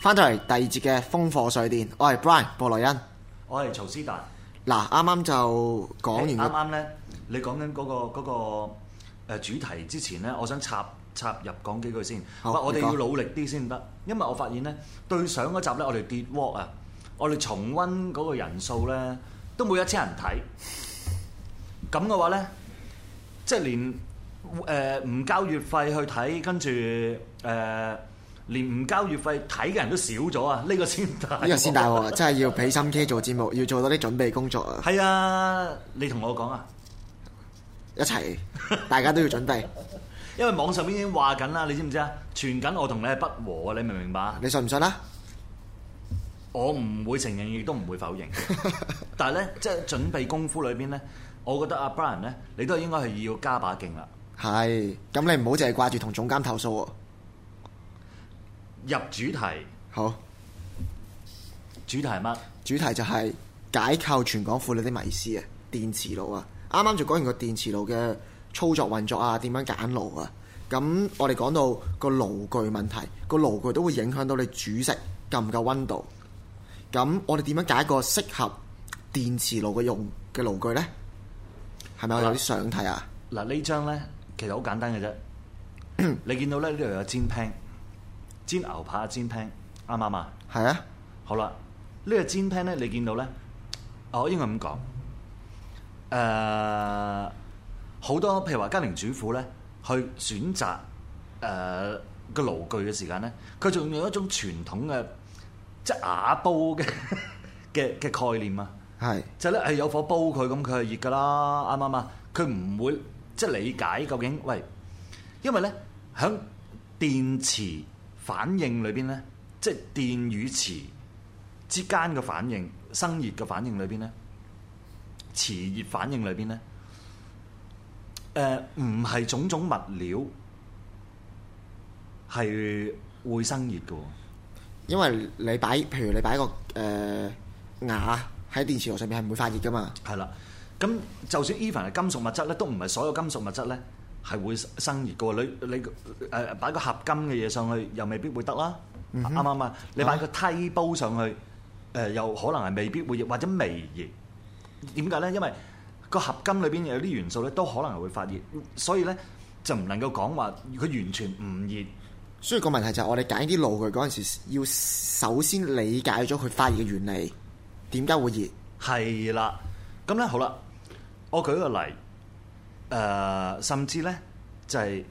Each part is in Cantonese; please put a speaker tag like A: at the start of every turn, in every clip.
A: 翻到嚟第二節嘅《風火水電》，我係 Brian 布萊恩，
B: 我係曹撕達。
A: 嗱，啱啱就講完，啱啱
B: 咧，你講緊嗰個、嗰個誒主題之前咧，我想插插入講幾句先。好我哋要努力啲先得，因為我發現咧，對上嗰集咧，我哋跌鑊啊！我哋重溫嗰個人數咧，都冇一千人睇。咁嘅話咧，即係連誒唔、呃、交月費去睇，跟住誒。呃連唔交月費睇嘅人都少咗啊！呢個先大呢個先大鑊啊！
A: 真係要俾心機做節目，要做多啲準備工作啊！係
B: 啊，你同我講啊，
A: 一齊， 大家都要準備，
B: 因為網上邊已經話緊啦，你知唔知啊？傳緊我同你係不和，你明唔明白啊？你信唔信啊？我唔會承認，亦都唔會否認。 但係咧，即係準備功夫裏邊咧，我覺得阿 Brian 咧，你都應該係要加把勁啦。
A: 係，咁你唔好淨係掛住同總監投訴喎。入主題，好，主題係乜？主題就係解構全港婦女的迷思啊！電磁爐啊，啱啱就講完個電磁爐嘅操作運作啊，點樣揀爐啊？咁我哋講到個爐具問題，個爐具都會影響到你煮食能能夠唔夠温度。咁我哋點樣解一個適合電磁爐嘅用嘅爐具呢？係咪我有啲想睇啊？
B: 嗱，呢張呢，其實好簡單嘅啫， 你見到咧呢度有煎 pan 煎牛扒煎聽啱唔啱啊？係啊，好啦，呢個煎聽咧，你見到咧，哦，應該咁講誒，好多譬如話家庭主婦咧，去選擇誒個爐具嘅時間咧，佢仲用一種傳統嘅即係瓦煲嘅嘅嘅概念啊，係是就咧係有火煲佢，咁佢係熱噶啦，啱唔啱啊？佢唔會即係理解究竟喂，因為咧響電池。反應裏邊咧，即係電與磁之間嘅反應、生熱嘅反應裏邊咧，磁熱反應裏邊咧，誒唔係種種物料係
A: 會生熱㗎喎，因為你擺譬如你擺一個、呃、牙喺電磁爐上面係唔會發熱㗎嘛。係啦，咁就算 even 係金屬物質咧，都唔係所
B: 有金屬物質咧。係會生熱嘅喎，你你誒擺個合金嘅嘢上去，又未必會得啦。啱唔啱？你擺個梯煲上去，誒又可能係未必會熱，或者微熱。點解咧？因為個合金裏邊有啲元素咧，都可能會
A: 發熱。所以咧，就唔能夠講話佢完全唔熱。所以個問題就係我哋揀啲爐具嗰陣時，要首先理解咗佢發熱嘅原理，點解會熱？係啦，咁咧好啦，我舉個例。誒、
B: 呃，甚至咧，就係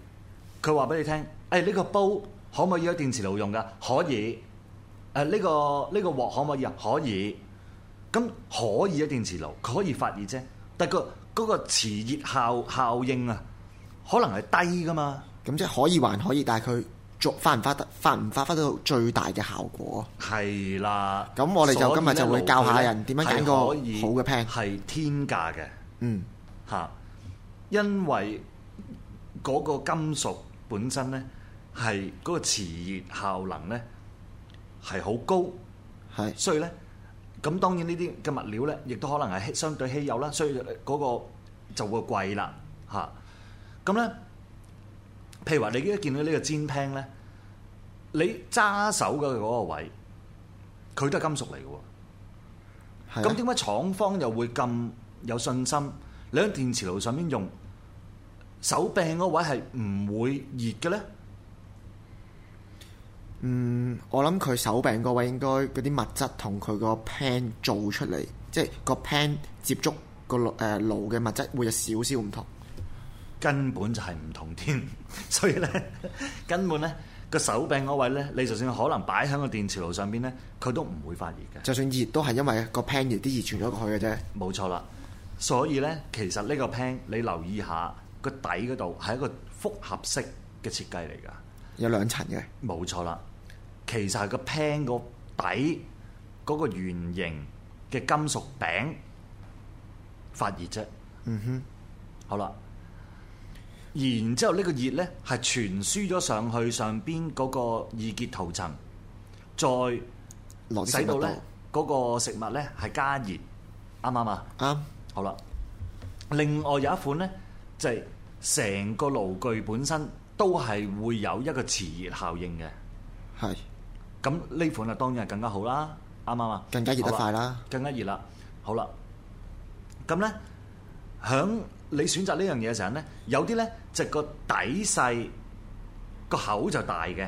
B: 佢話俾你聽，誒、哎、呢、這個煲可唔可以喺電磁爐用噶？可以。誒、呃、呢、這個呢、這個鑊可唔可以？可以。咁可以喺電磁爐，佢可以發熱啫，但、那個嗰、那個磁熱效效
A: 應啊，可能係低噶嘛。咁即係可以還可以，但係佢做發唔發得，發唔發揮到最大嘅效果？
B: 係啦的。咁我哋就今日就會教一下人點樣揀個好嘅 pan。係天價嘅。嗯。嚇。啊。因為嗰個金屬本身咧，係嗰個磁熱效能咧，係好高，係，所以咧，咁當然呢啲嘅物料咧，亦都可能係相對稀有啦，所以嗰個就會貴啦嚇。咁咧，譬如話你而家見到呢個煎 pan 咧，你揸手嘅嗰個位，佢都係金屬嚟嘅喎。咁點解廠方又會咁有信心？你喺電磁爐上面用
A: 手柄嗰位係唔會熱嘅呢？嗯，我諗佢手柄嗰位應該嗰啲物質同佢個 pan 做出嚟，即係個 pan 接觸個誒爐嘅物質會有少少唔同。根本就係唔同添，所以呢，根本呢個手柄嗰
B: 位呢，你就算可能擺喺個電磁爐上邊呢，佢都唔會發熱嘅。就算熱都係因為個 pan 熱啲熱傳咗過去嘅啫。冇錯啦。所以呢，其實呢個 pan 你留意下個底嗰度係一個複合式嘅設計嚟㗎，
A: 有兩層嘅。冇
B: 錯啦，其實係個 pan 個底嗰個圓形嘅金屬餅發熱啫。嗯哼。好啦，然之後呢個熱呢，係傳輸咗上去上邊嗰個易潔塗層，再落到咧嗰個食物呢，係加熱，啱唔啱啊？啱。好啦，另外有一款咧，就係、是、成個爐具本身都係會有一個磁熱效應嘅，係咁呢款啊，當然係更加好啦，啱唔啱啊？更加熱得快啦，更加熱啦。好啦，咁咧響你選擇呢樣嘢嘅時候咧，有啲咧就個、是、底細個口就大嘅，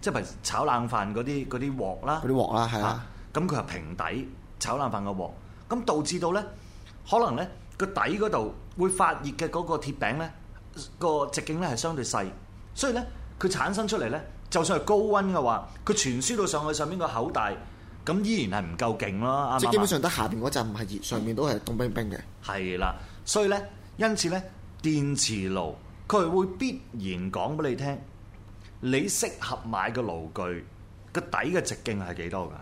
B: 即係譬如炒冷飯嗰啲嗰啲鑊啦，啲鑊啦，係啊，咁佢係平底炒冷飯嘅鑊，咁導致到咧。可能咧個底嗰度會發熱嘅嗰個鐵餅咧，個直徑咧係相對細，所以咧佢產生出嚟咧，就算係高温嘅話，佢傳輸到上去上面個口大，咁依然係唔夠勁啦。即基本上得下面嗰陣係熱，上面
A: 都係凍冰冰
B: 嘅。係啦，所以咧，因此咧，電磁爐佢會必然講俾你聽，你適合買個爐具個底嘅直徑係幾多㗎？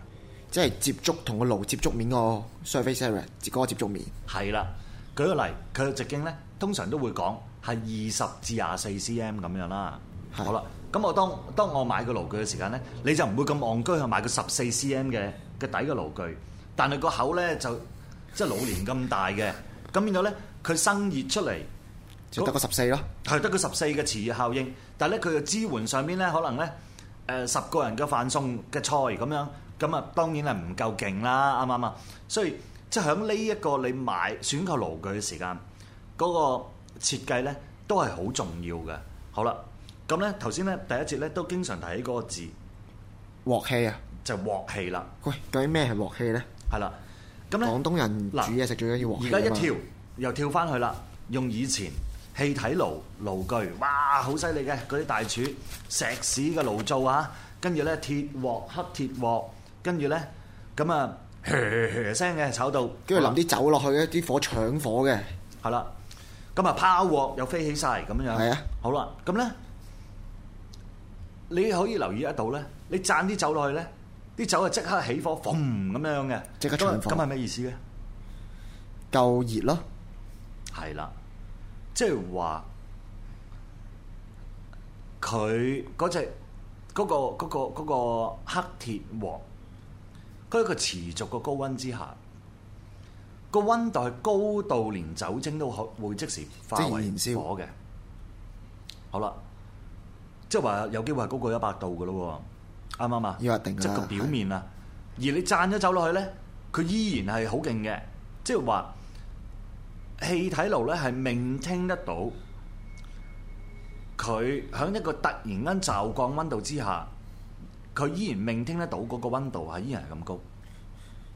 B: 即係接觸同個爐接觸面個 surface area，個接觸面係啦。舉個例，佢嘅直徑咧，通常都會講係二十至廿四 cm 咁樣啦。是的 好啦，咁我當當我買個爐具嘅時間咧，你就唔會咁戇居去買個十四 cm 嘅嘅底嘅爐具，但係個口咧就即係、就是、老年咁大嘅。咁變咗咧，佢生熱出嚟，那就得個十四咯，係得個十四嘅磁熱效應，但係咧佢嘅支援上邊咧，可能咧誒十個人嘅飯餸嘅菜咁樣。咁啊，當然係唔夠勁啦，啱唔啱啊？所以即係喺呢一個你買選購爐具嘅時間，嗰個設計咧都係好重要嘅。好啦，咁咧頭先咧第一節咧都經常提起嗰個字
A: 鑊氣啊，就鑊氣啦。喂，究竟咩係鑊氣咧？係啦，咁咧廣東人煮嘢食最緊要鑊氣。而家一跳
B: 又跳翻去啦，用以前氣體爐爐具，哇，好犀利嘅嗰啲大廚石屎嘅爐灶啊，跟住咧鐵鑊、黑鐵鑊。跟住咧，咁啊，聲嘅炒到，跟住淋啲酒落去咧，啲火搶火嘅，係啦，咁啊，拋鑊又飛起曬，咁樣樣，係啊，好啦，咁咧，你可以留意得到咧，你攢啲酒落去咧，啲酒啊即刻起火，咁樣嘅，即刻搶火，咁係咩意思咧？
A: 夠熱咯，
B: 係啦，即係話佢嗰隻嗰個嗰個嗰個黑鐵鑊。喺一個持續嘅高溫之下，個溫度係高到連酒精都可會即時化為火嘅。燃燒好啦，即係話有機會係高過一百度嘅咯喎，啱唔啱啊？要一定即係個表面啊。的而你攢咗走落去咧，佢依然係好勁嘅。即係話氣體爐咧，係命聽得到，佢喺一個突然間驟降溫度之下。
A: 佢依然命聽得到嗰個温度啊，依然係咁高。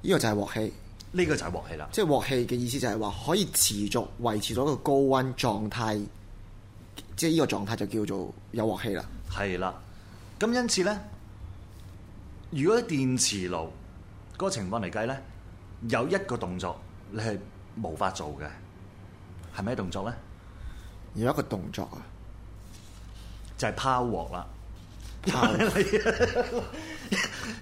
A: 呢個就係鑊氣，呢個就係鑊氣啦。即係鑊氣嘅意思就係話，可以持續維持到一個高温狀態，即係呢個狀態就叫做有鑊氣啦。係啦，咁因此咧，
B: 如果喺電磁爐嗰個情況嚟計咧，有一個動作你係無法做嘅，係咩啲動作咧？有一個動作啊，就係拋鑊啦。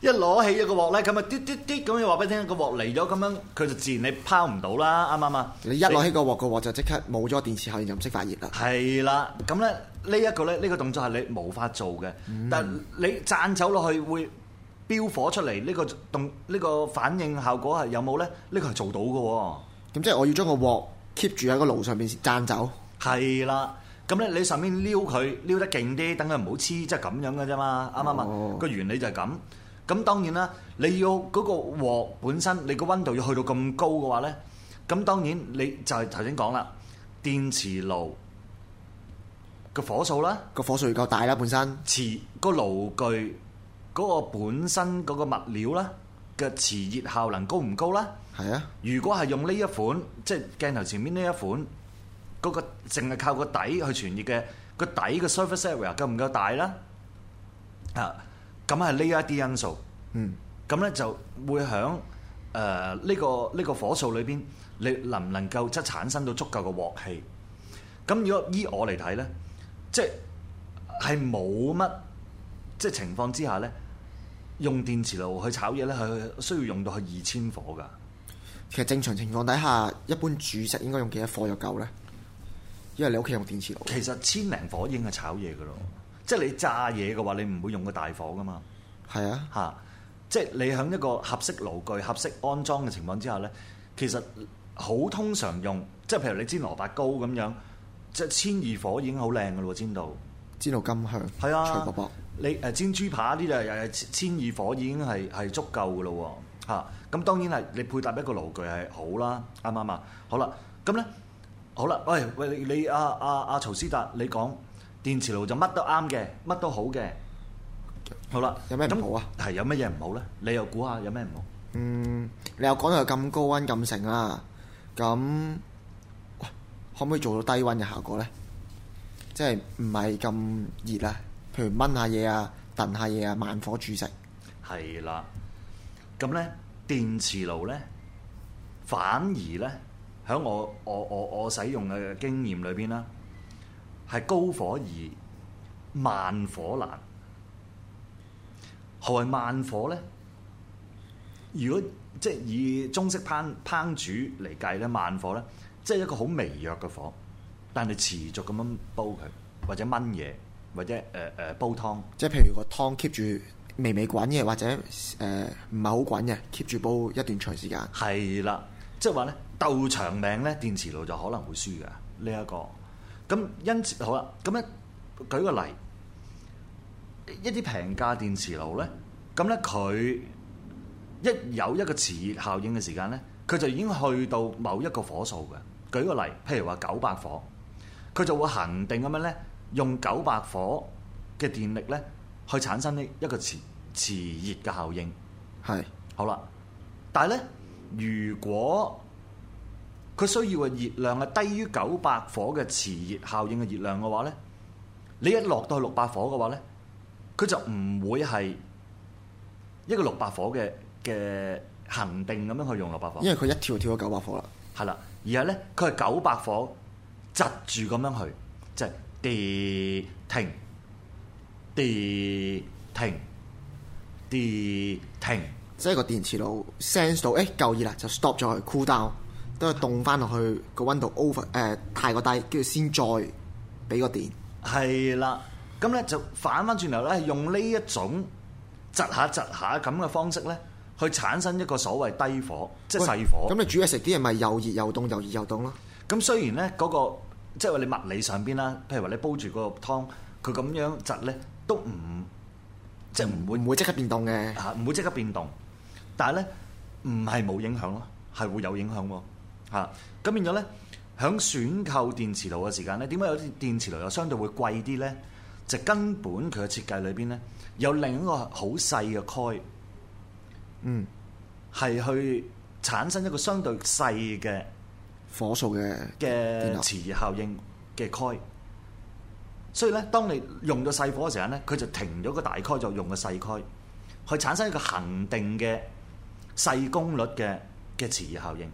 A: 又
B: 一攞起一個鑊咧，咁啊滴滴滴咁，你話俾聽個鑊嚟咗，咁樣佢就自然你拋唔到啦，啱啱啊？你一攞起一個鑊，個鑊你就即刻冇咗電磁效應，就唔識發熱啦。係啦，咁咧呢一個咧呢、呢個動作係你無法做嘅，嗯、但你掙走落去會飆火出嚟，呢、呢個動呢、呢個反應效果係有冇咧？呢、呢個係做到嘅。咁即係我要將個鑊 keep 住喺個爐上邊掙走。係啦。咁咧，你上面撩佢撩得勁啲，等佢唔好黐，即係咁樣嘅啫嘛，啱唔啱？個、oh. 原理就係咁。咁當然啦，你要嗰個鑊本身，你個温度要去到咁高嘅話咧，咁當然你就係頭先講啦，電磁爐個火，火數啦，個火數要夠大啦，本身磁、嗰個爐具嗰、嗰個本身嗰個物料啦嘅磁熱效能高唔高啦？係啊。如果係用呢一款，即係鏡頭前面呢一款。嗰個淨係靠個底去傳熱嘅，個底嘅 surface area 夠唔夠大啦？啊，咁係呢一啲因素。嗯，咁咧就會喺誒呢個呢個火數裏邊，你能唔能夠即係產生到足夠嘅鑊氣？咁如果依我嚟睇咧，即係冇乜即係情況之下
A: 咧，用電磁爐去炒嘢咧，係需要用到去二千火㗎。其實正常情況底下，一般煮食應該用幾多火就夠咧？因為你屋企有冇
B: 電磁爐？其實千零火已經係炒嘢嘅咯，即係你炸嘢嘅話，你唔會用個大火噶嘛。係啊，吓，即係你喺一個合適爐具、合適安裝嘅情況之下咧，其實好通常用，即係譬如你煎蘿蔔糕咁樣，即係千二火已經好靚嘅咯喎，煎到煎到金香。係啊，脆卜卜，你誒煎豬扒啲就又係千二火已經係係足夠嘅咯喎，吓，咁當然係你配搭一個爐具係好啦，啱唔啱啊？好啦，咁咧。好啦，喂喂，你阿阿阿曹撕達，你講電磁爐就乜都啱嘅，乜都好嘅。好啦，
A: 有咩唔好啊？係有咩嘢唔好咧？你又估下有咩唔好？嗯，你又講到咁高溫咁盛啦，咁可唔可以做到低溫嘅效果咧？即係唔係咁熱啊？譬如炆下嘢啊，燉下嘢啊，慢火煮食。係啦，咁咧電磁爐咧，
B: 反而咧。喺我我我我使用嘅經驗裏邊啦，係高火易，慢火難。何謂慢火咧？如果即係以中式烹烹煮嚟計咧，慢火咧，即係一個好微弱嘅火，但你持續咁
A: 樣煲佢，或者燜嘢，或者誒誒、呃呃、煲湯。即係譬如個湯 keep 住微微滾嘅，或者誒唔係好滾嘅，keep 住煲一段長時間。係啦。
B: 即係話咧鬥長命咧，電磁爐就可能會輸㗎呢一個。咁因此好啦，咁咧舉個例，一啲平價電磁爐咧，咁咧佢一有一個磁熱效應嘅時間咧，佢就已經去到某一個火數嘅。舉個例，譬如話九百火，佢就會恒定咁樣咧，用九百火嘅電力咧去產生呢一個磁磁熱嘅效應。係是 好啦，但係咧。如果佢需要嘅熱量係低於九百火嘅持熱效應嘅熱量嘅話咧，你一落到去六百火嘅話咧，佢就唔會係一個六百火嘅嘅恆定咁樣去用六百火，因為佢一
A: 跳跳咗九百火啦。
B: 係啦，而係咧，佢係九百火窒住咁樣去，
A: 即係跌停、跌停、跌停。地停即係個電磁爐 sense 到，誒夠熱啦，就 stop 咗佢 cool down，都係凍翻落去個溫度 over 誒、呃、太過低，跟住先再俾個電。係啦，咁咧就反翻轉頭咧，用呢一種
B: 窒下窒下咁嘅方式咧，去產生一個所謂低火，欸、即係細火。咁你煮嘢食啲嘢咪又熱又凍，又熱又凍咯。咁雖然咧、那、嗰個即係話你物理上邊啦，譬如話你煲住個湯，佢咁樣窒咧都唔就唔會唔、啊、會即刻變凍嘅，吓唔會即刻變凍。但係咧，唔係冇影響咯，係會有影響喎，咁變咗咧，響選購電磁爐嘅時間咧，點解有啲電磁爐又相對會貴啲咧？就根本佢嘅設計裏邊咧，有另一個好細嘅窯，
A: 嗯，
B: 係去產生一個相對細嘅火數嘅嘅磁熱效應嘅窯。所以咧，當你用到細火嘅時間咧，佢就停咗個大窯，就用個細窯去產生一個恒定嘅。細功率嘅嘅磁熱效應，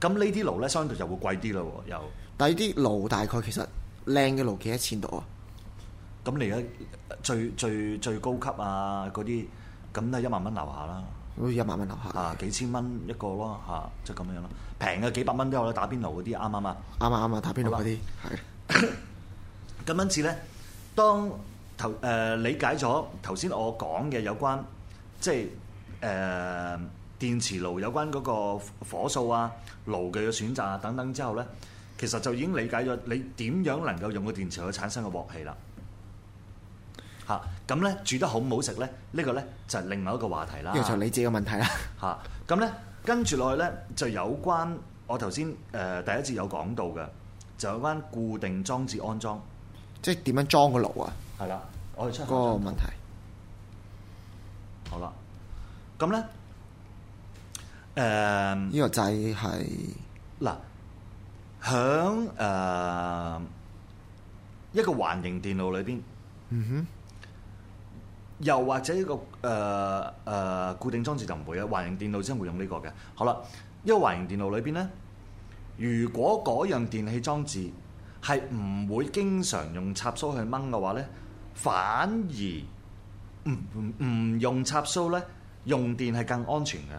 B: 咁呢啲爐咧，相對就會貴啲咯，又第二。但係啲爐大概，其實靚嘅爐幾多錢度啊？咁你而家最最最高級啊嗰啲，咁都係一萬蚊樓下啦。好似一萬蚊樓下。啊，幾千蚊一個咯，吓，就係咁樣咯。平嘅的幾百蚊都有啦，打邊爐嗰啲啱啱啊？啱啊啱啊，打邊爐嗰啲。係。咁樣子咧，當頭誒、呃、理解咗頭先我講嘅有關即係。誒、呃、電磁爐有關嗰個火數啊、爐具嘅選擇啊等等之後呢，其實就已經理解咗你點樣能夠用個電磁爐去產生個鑊氣啦。嚇、啊、咁呢，煮得好唔好食呢？呢、這個呢，就係、是、另外一個話題啦。要從你
A: 自己嘅問題啦、啊。
B: 嚇咁、啊、呢，跟住落去呢，就有關我頭先誒第一節有講到嘅，就有關固定裝置
A: 安裝，即係點樣裝個爐啊？係啦，我哋出個問題。好啦。咁咧，誒，呢、uh, 個掣係嗱，
B: 喺誒、uh, 一個環形電路裏邊，嗯
A: 哼，
B: 又或者一個誒誒、uh, uh, 固定裝置就唔會啊。環形電路先會用呢個嘅。好啦，呢個環形電路裏邊咧，如果嗰樣電器裝置係唔會經常用插蘇去掹嘅話咧，反而唔唔用插蘇咧。用電係更安全嘅，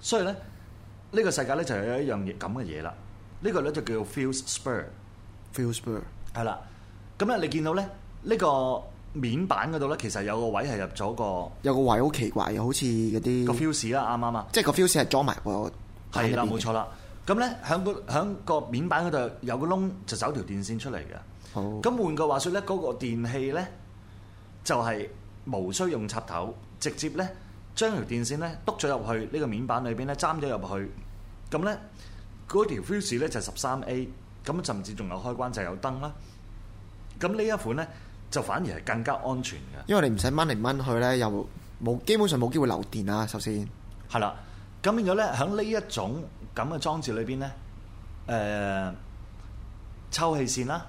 B: 所以咧呢個世界咧就有一樣嘢咁嘅嘢啦。呢個咧就叫 fuse spur，fuse spur 係啦。咁咧你見到咧呢個面板嗰度咧，其實有個位係入咗
A: 個有個位好奇怪好似嗰啲個 fuse 啦，啱啱啊，即係個 fuse 係裝埋喎。係啦，冇錯
B: 啦。咁咧喺個喺個面板嗰度有個窿，就走條電線出嚟嘅。好。咁換句話說咧，嗰個電器咧就係無需用插頭，直接咧。將條電線咧篤咗入去呢、呢個面板裏邊咧，粘咗入去咁咧，嗰條 fuse 咧就係十三 A，咁甚至仲有開關，就、有燈啦。
A: 咁呢一款咧就反而係更加安全嘅，因為你唔使掹嚟掹去咧，又冇基本上冇機會漏電啦。首先係啦，咁變咗咧喺呢一
B: 種咁嘅裝置裏邊咧，誒、呃、抽氣線啦，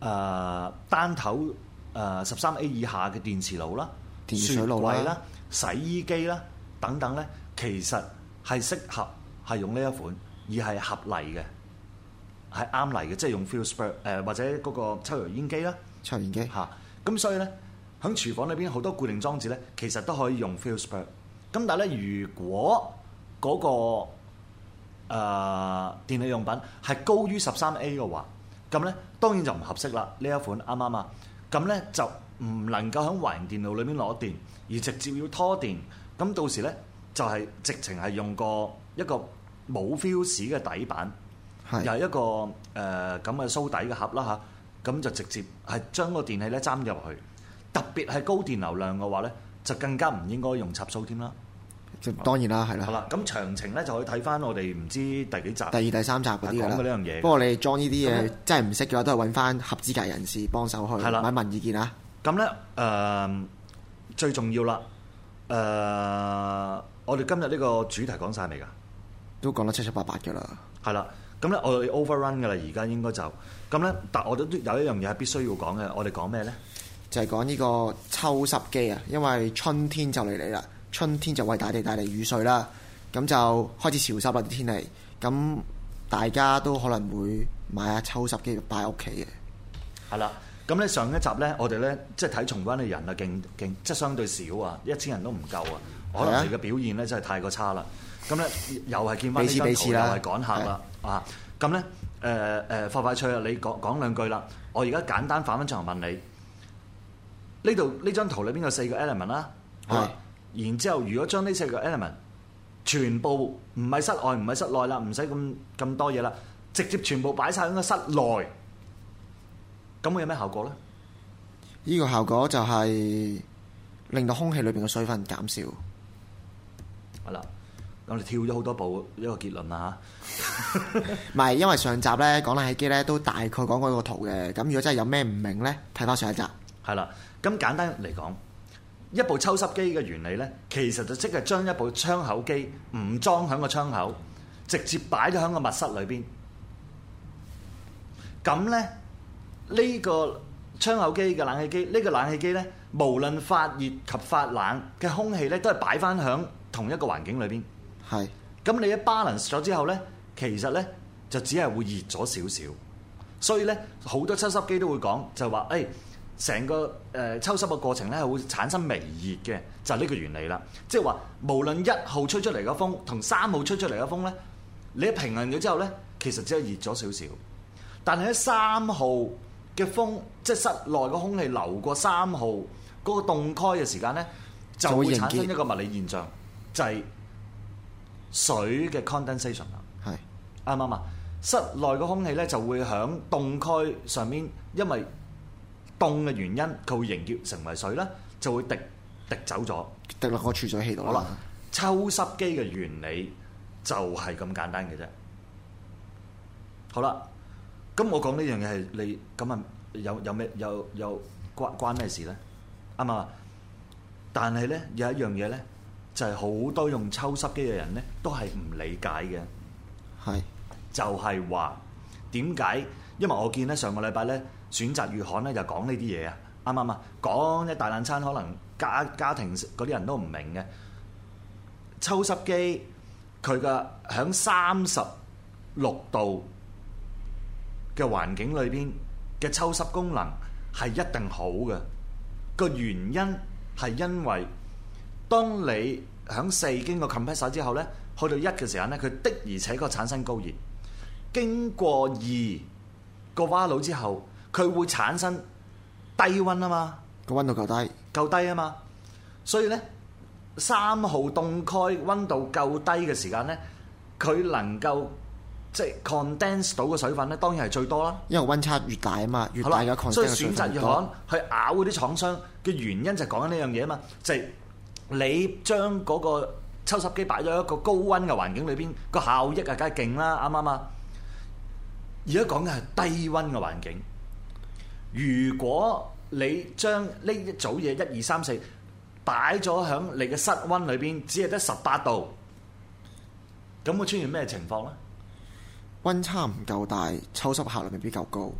B: 誒、呃、單頭誒十三 A 以下嘅電磁爐啦。電水爐、啊、啦、洗衣機啦等等咧，其實係適合係用呢一款，而係合例嘅，係啱嚟嘅，即係用 fused spur，誒、呃、或者嗰個抽油煙機啦，抽油煙機吓，咁所以咧，喺廚房裏邊好多固定裝置咧，其實都可以用 fused spur。咁但係咧，如果嗰、那個誒、呃、電器用品係高於十三 A 嘅話，咁咧當然就唔合適啦。呢一款啱啱啊？咁咧就。唔能夠喺環形電路裏面攞電，而直接要拖電，咁到時呢，就係、是、直情係用個一個冇鋅絲嘅底板，是的 又係一個誒咁嘅蘇底嘅盒啦嚇，咁、啊、就直接係將個電器呢黐入去，特別係高電流量嘅話呢，就更加唔應該用插蘇添啦。當然啦，係啦。好啦，咁詳情呢，就可以睇翻我哋唔知第幾集、第二、第三集嗰啲啦。嘅呢樣嘢。不過你裝呢啲嘢
A: 真係唔識嘅話，都係揾翻合資格人士幫手去，問一是的 問意見啊。咁咧，誒、
B: 呃、最重要啦，誒、呃、我哋今日呢個主題講晒未㗎？都講得七七八八嘅啦。係啦，咁咧我哋 overrun 嘅啦，而家應該就
A: 咁咧。但係我都有一樣嘢係必須要講嘅，我哋講咩咧？就係講呢個抽濕機啊，因為春天就嚟嚟啦，春天就為大地帶嚟雨水啦，咁就開始潮濕啦啲天氣，咁大家都可能會買下抽濕機擺屋企嘅，係啦。咁咧上一集咧，我哋咧即係睇重溫嘅人啊，
B: 勁勁即係相對少啊，一千人都唔夠啊，的可能你嘅表現咧真係太過差啦。咁咧又係見翻呢張圖，又係趕客啦。的啊，咁咧誒誒快快脆啊！你講講兩句啦。我而家簡單反返場問你，呢度呢張圖裏邊有四個 element 啦。係的、啊。然之後，如果將呢四個 element 全部唔係室外，唔係室內啦，唔使咁咁多嘢啦，直接全部擺晒喺個室內，咁會有咩效果咧？
A: 依個效果就係令到空氣裏邊嘅水分減少。係啦，咁我哋跳咗好多步一個結論啦嚇。唔係，因為上集咧講冷氣機咧都大概講過個圖嘅。咁如果真係有咩唔明咧，睇翻上一集。係啦，咁簡單嚟
B: 講，一部抽濕機嘅原理咧，其實就即係將一部窗口機唔裝喺個窗口，直接擺咗喺個密室裏邊。咁咧。呢個窗口機嘅冷氣機，呢個冷氣機呢，無論發熱及發冷嘅空氣呢，都係擺翻響同一個環境裏邊。係。咁你一 balance 咗之後呢，其實呢，就只係會熱咗少少。所以呢，好多抽濕機都會講，就話誒，成個誒抽濕嘅過程呢，係會產生微熱嘅，就係呢個原理啦。即係話，無論一號吹出嚟嘅風同三號吹出嚟嘅風呢，你一平衡咗之後呢，其實只係熱咗少少。但係喺三號。嘅風，即係室內個空氣流過三號嗰、那個洞蓋嘅時間咧，就會產生一個物理現象，就係水嘅 condensation 啦是。係，啱唔啱？室內個空氣咧，就會喺洞蓋上面，因為凍嘅原因，佢會凝結成為水啦，就會滴滴走咗，滴落個儲水器度。氣好啦，抽濕機嘅原理就係咁簡單嘅啫。好啦。咁我講呢樣嘢係你咁啊，有有咩有有關關咩事咧？啱啊！但係咧有一樣嘢咧，就係好多用抽濕機嘅人咧，都係唔理解嘅。係，就係話點解？因為我見咧上個禮拜咧，選擇月刊咧就講呢啲嘢啊。啱唔啱啊？講一大攬餐，可能家家庭嗰啲人都唔明嘅抽濕機，佢嘅響三十六度。嘅環境裏邊嘅抽濕功能係一定好嘅，個原因係因為當你響四經過 compressor 之後咧，去到一嘅時間咧，佢的而且確產生高熱，經過二個蛙腦之後，佢會產生低温啊嘛，個温度夠低，夠低啊嘛，所以咧三號凍區温度夠低嘅時間咧，佢能夠。即係 condense 到嘅水分咧，當然係最多啦。
A: 因為温差越大啊嘛，越大嘅吧大所以選擇嚟講，
B: 吧去咬嗰啲廠商嘅原因就講緊呢樣嘢啊嘛，就係、是、你將嗰個抽濕機擺咗喺一個高温嘅環境裏邊，個效益啊梗係勁啦，啱唔啱啊？而家講嘅係低温嘅環境，如果你將呢一組嘢一二三四擺咗喺你嘅室温裏邊，只係得十八度，咁會出現咩情況咧？
A: 温差唔夠大，抽濕效率咪比較高。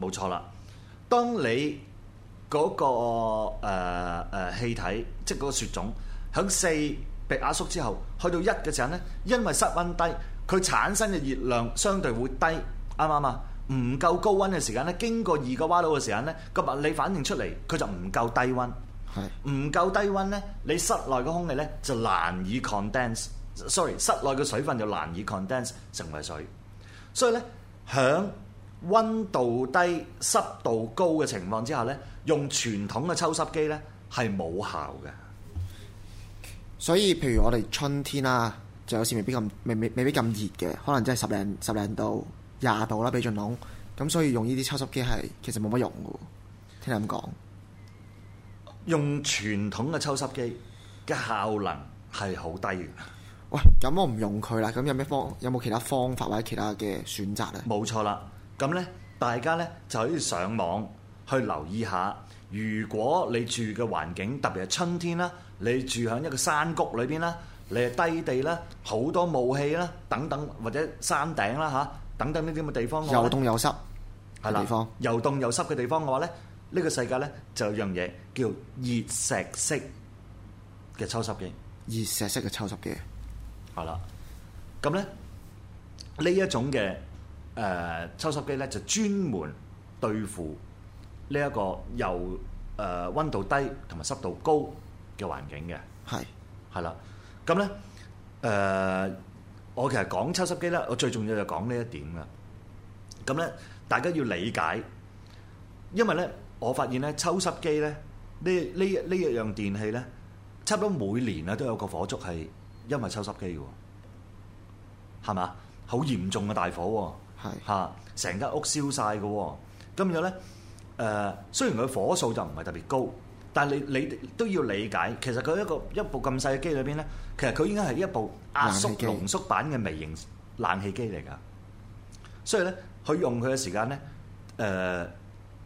A: 冇錯啦，
B: 當你嗰、那個誒誒、呃、氣體，即係嗰個雪種，響四被壓縮之後，去到一嘅時候呢，因為室温低，佢產生嘅熱量相對會低，啱唔啱啊？唔夠高温嘅時間咧，經過二個彎路嘅時間呢，個物理反應出嚟，佢就唔夠低温，係唔是的 夠低温呢，你室內嘅空氣呢，就難以 condense。sorry，室內嘅水分就難以 condense 成為水，所以咧響温度低、濕度高嘅情況之下咧，用傳統嘅抽濕機咧係冇效嘅。
A: 所以，譬如我哋春天啦，就有時未必咁，未未未必咁熱嘅，可能真係十零十零度、廿度啦，比盡籠咁，所以用呢啲抽濕機係其實冇乜用嘅。聽你咁講，用傳統嘅抽濕機嘅效，效能係好低嘅。喂，咁我唔用佢啦。咁有咩方有冇其他方法或者其他嘅選擇呢？冇錯啦。咁呢，大家呢就可以上網去留意下。如果你住
B: 嘅環境特別係春天啦，你住喺一個山谷裏邊啦，你係低地啦，好多霧氣啦，等等或者山頂啦吓，等等呢啲咁嘅地方，又凍又濕係啦，又凍又濕嘅地方嘅話呢，呢個世界呢就有樣嘢叫熱石式嘅抽濕機，熱石式嘅抽濕機。係啦，咁咧呢一種嘅誒抽濕機咧，就專門對付呢一個由誒溫度低同埋濕度高嘅環境嘅。係係啦，咁咧誒，我其實講抽濕機咧，我最重要就講呢一點啦。咁咧，大家要理解，因為咧，我發現咧，抽濕機咧，呢呢呢一樣電器咧，差唔多每年啊都有個火燭係。因為抽濕機嘅喎，係嘛？好嚴重嘅大火喎，嚇是的！成間屋燒晒嘅喎。咁樣咧，誒雖然佢火數就唔係特別高，但係你你都要理解，其實佢一個一部咁細嘅機裏邊咧，其實佢應該係一部壓縮氣濃縮版嘅微型冷氣機嚟㗎。所以咧，佢用佢嘅時
A: 間咧，誒、呃，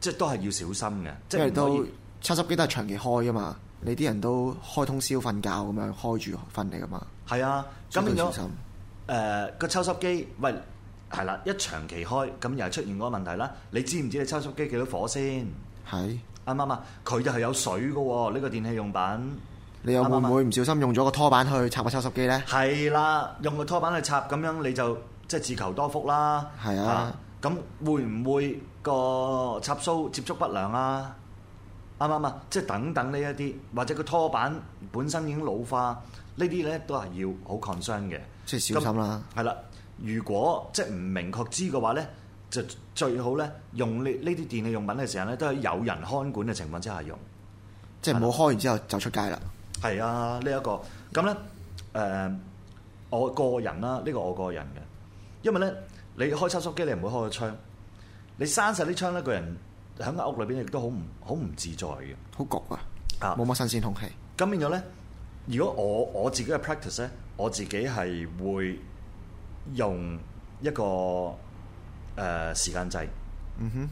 A: 即係都係要小心嘅，因為都抽濕機都係長期開㗎嘛。你啲人都開通宵瞓覺咁樣開住瞓嚟噶嘛？係啊，咁變咗誒
B: 個抽濕機，喂，係啦，一長期開，咁又係出現嗰個問題啦。你知唔知你抽濕機幾多火先？係。啱嘛嘛，佢就係有水嘅喎，呢個電器用品，
A: 你又會唔會唔小心用咗個拖板去插個抽濕機咧？係
B: 啦，用個拖板去插，咁樣你就即係自求多福啦。係啊，咁會唔會個插蘇接觸不良啊？啱唔啱啊？即係、就是、等等呢一啲，或者個拖板本身已經老化，呢啲咧都係要好 concern 嘅，即係小心啦。係啦，如果即係唔明確知嘅話咧，就最好咧用呢呢啲電器用品嘅時候咧，都係有人看管嘅情況之下用，
A: 即唔好開完之後就出街啦吧。
B: 係啊，呢、這、一個咁咧誒，我個人啦，呢、這個我個人嘅，因為咧你開抽濕機，你唔會開個窗，你閂晒啲窗咧，一個人。喺間屋裏邊亦都好唔好唔自在嘅，好焗啊！冇乜新鮮空氣。咁、啊、變咗咧，如果我我自己嘅 practice 咧，我自己係會用一個誒、呃、時間掣。
A: 嗯哼。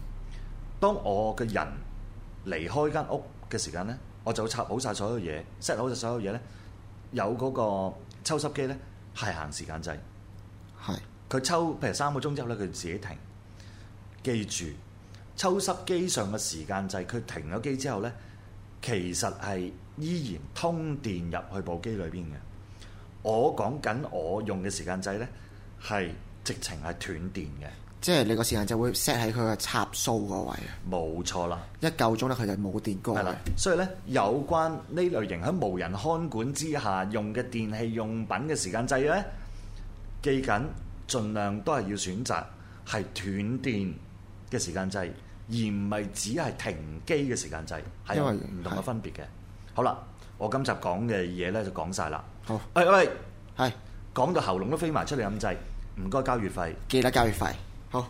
B: 當我嘅人離開間屋嘅時間咧，我就插好晒所有嘢，set 好晒所有嘢咧，有嗰個抽濕機咧，係行時間掣。係。佢抽譬如三個鐘之後咧，佢自己停。記住。抽濕機上嘅時間掣，佢停咗機之後呢，其實係依然通電入去部機裏邊嘅。我講緊我用嘅時間掣呢，係直情係斷電嘅。
A: 即係你個時間掣會 set 喺佢個插蘇嗰位。冇錯啦，一夠鐘呢，佢就冇電過。係啦，所以呢，
B: 有關呢類型喺無人看管之下用嘅電器用品嘅時間掣呢，記緊盡量都係要選擇係斷電嘅時間掣。而唔係只係停機嘅時間制，係唔為同嘅分別嘅。的好啦，我今集講嘅嘢呢就講晒啦。好，喂，喂，喂的，係講到喉嚨都飛埋出嚟咁滯，唔該交月費，記得交月費。好，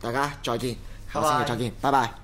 B: 大家再見，下星期拜，再見，拜拜。拜拜。